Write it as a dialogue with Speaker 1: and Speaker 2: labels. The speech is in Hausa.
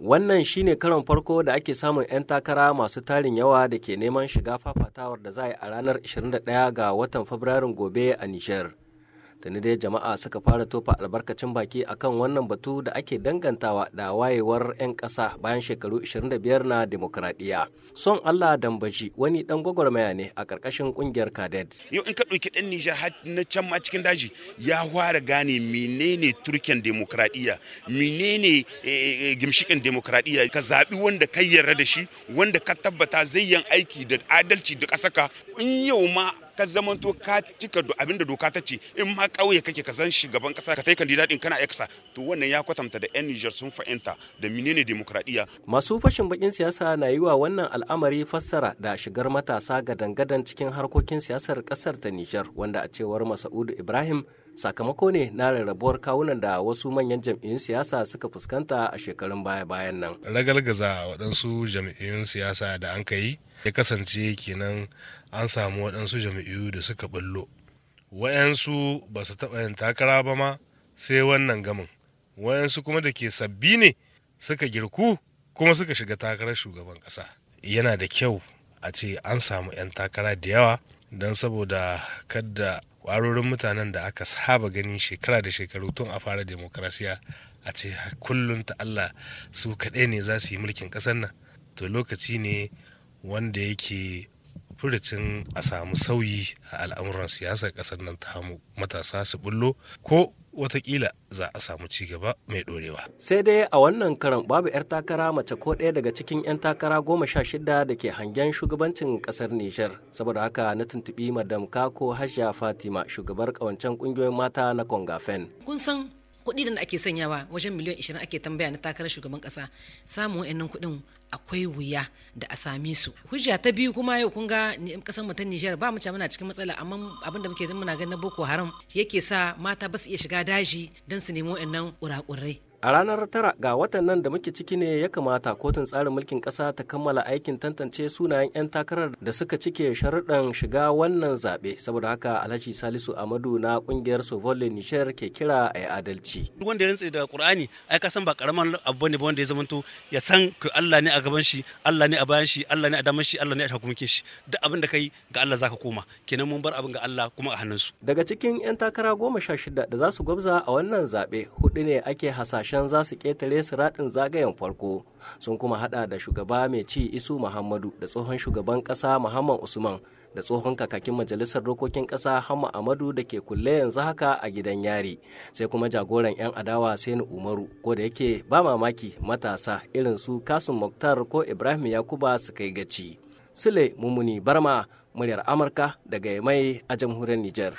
Speaker 1: Wannan shi ne karon farko da ake samun 'yan takara masu tarin yawa da ke neman shiga fafatawar da za a yi a ranar 21 ga watan Fabrairun gobe a Nijar. da tuni dai jama'a suka fara tofa albarkacin baki akan wannan batu da ake dangantawa da wayewar 'yan ƙasa bayan shekaru 25 na demokradiyya son allah dambaji wani dan gwagwarmaya ne a ƙarƙashin ƙungiyar kaded
Speaker 2: yau in ka ɗauki ɗan nijar na can ma cikin daji ya fara gane menene turken demokradiyya menene eh, eh, gimshikin demokradiyya ka zaɓi wanda ka yarda da shi wanda ka tabbata zai yin aiki da adalci da ƙasaka in yau ma ka zamanto ka cika abinda doka ta ce in ma ƙauye kake ka san shugaban ƙasa ka kai kandida din kana aikasa to wannan ya kwatanta da 'yan Nijar sun fahimta da menene demokradiya.
Speaker 1: Masu fashin bakin siyasa na yi wa wannan al'amari fassara da shigar matasa ga dangadan cikin harkokin siyasar kasar ta Nijar wanda a cewar Masa'udu Ibrahim sakamako ne na rarrabuwar kawunan da wasu manyan jam'iyyun siyasa suka fuskanta a shekarun baya-bayan nan.
Speaker 3: Ragalgaza waɗansu jam'iyyun siyasa da an yi ya kasance kenan an samu waɗansu jam'iyyu da suka bullo. Wayansu ba su taɓa yin takara ba ma sai wannan gamin. wayansu kuma da ke sabbi ne suka girku kuma suka shiga takarar shugaban kasa. yana da kyau a ce an samu 'yan takara da yawa don saboda kada kwarorin mutanen da aka saba ganin shekara da shekaru tun a fara demokrasiya a ce kullum ta Allah su kaɗai ne za su yi mulkin ƙasar nan to lokaci ne wanda yake furucin a samu sauyi a al'amuran siyasar ƙasar nan ta hamu matasa su bullo ko watakila za a samu ci gaba mai dorewa.
Speaker 1: Sai dai a wannan karan babu 'yar takara mace ko ɗaya daga cikin 'yan takara goma sha shida da ke hangen shugabancin ƙasar Nijar. Saboda haka na tuntuɓi Madam Kako Hajiya Fatima shugabar ƙawancen ƙungiyoyin mata na Kongafen. Kun san kuɗi da ake sanyawa wajen miliyan 20 ake tambaya na takarar shugaban kasa samun wa'annan kuɗin akwai wuya da a same su hujja ta biyu kuma yau kun ga kasar mutan ta Nijar ba mu ce muna cikin matsala amma abin da muke muna ganin Boko Haram yake sa mata ba su iya shiga daji don su nemo wa'annan kurakurai A ranar tara ga watan nan da muke ciki ne ya kamata kotun tsarin mulkin ƙasa ta kammala aikin tantance sunayen 'yan takarar da suka cike sharuɗan shiga wannan zaɓe saboda haka Alhaji Salisu Amadu na ƙungiyar Sovolle Nishar ke kira a yi adalci. Wanda ya rantse da Ƙur'ani ai ka san ba ƙaramin abu ne ba wanda ya zamanto ya san ku Allah ne a gaban shi, Allah ne a bayan shi, Allah ne a daman shi, Allah ne a takumkin shi. Duk abin da kai ga Allah zaka koma. Kenan mun bar abin ga Allah kuma a hannunsu. Daga cikin 'yan takara goma sha shida da za su gwabza a wannan zaɓe hudu ne ake hasashen ƙasashen za su ƙetare siraɗin zagayen farko sun kuma hada da shugaba mai ci isu muhammadu da tsohon shugaban ƙasa muhammad usman da tsohon kakakin majalisar dokokin ƙasa hamma amadu da ke kulle yanzu haka a gidan yari sai kuma jagoran 'yan adawa sani umaru ko da yake ba mamaki matasa irin su kasun muktar ko ibrahim yakuba su kai gaci sule mummuni barma muryar amurka daga mai a jamhuriyar niger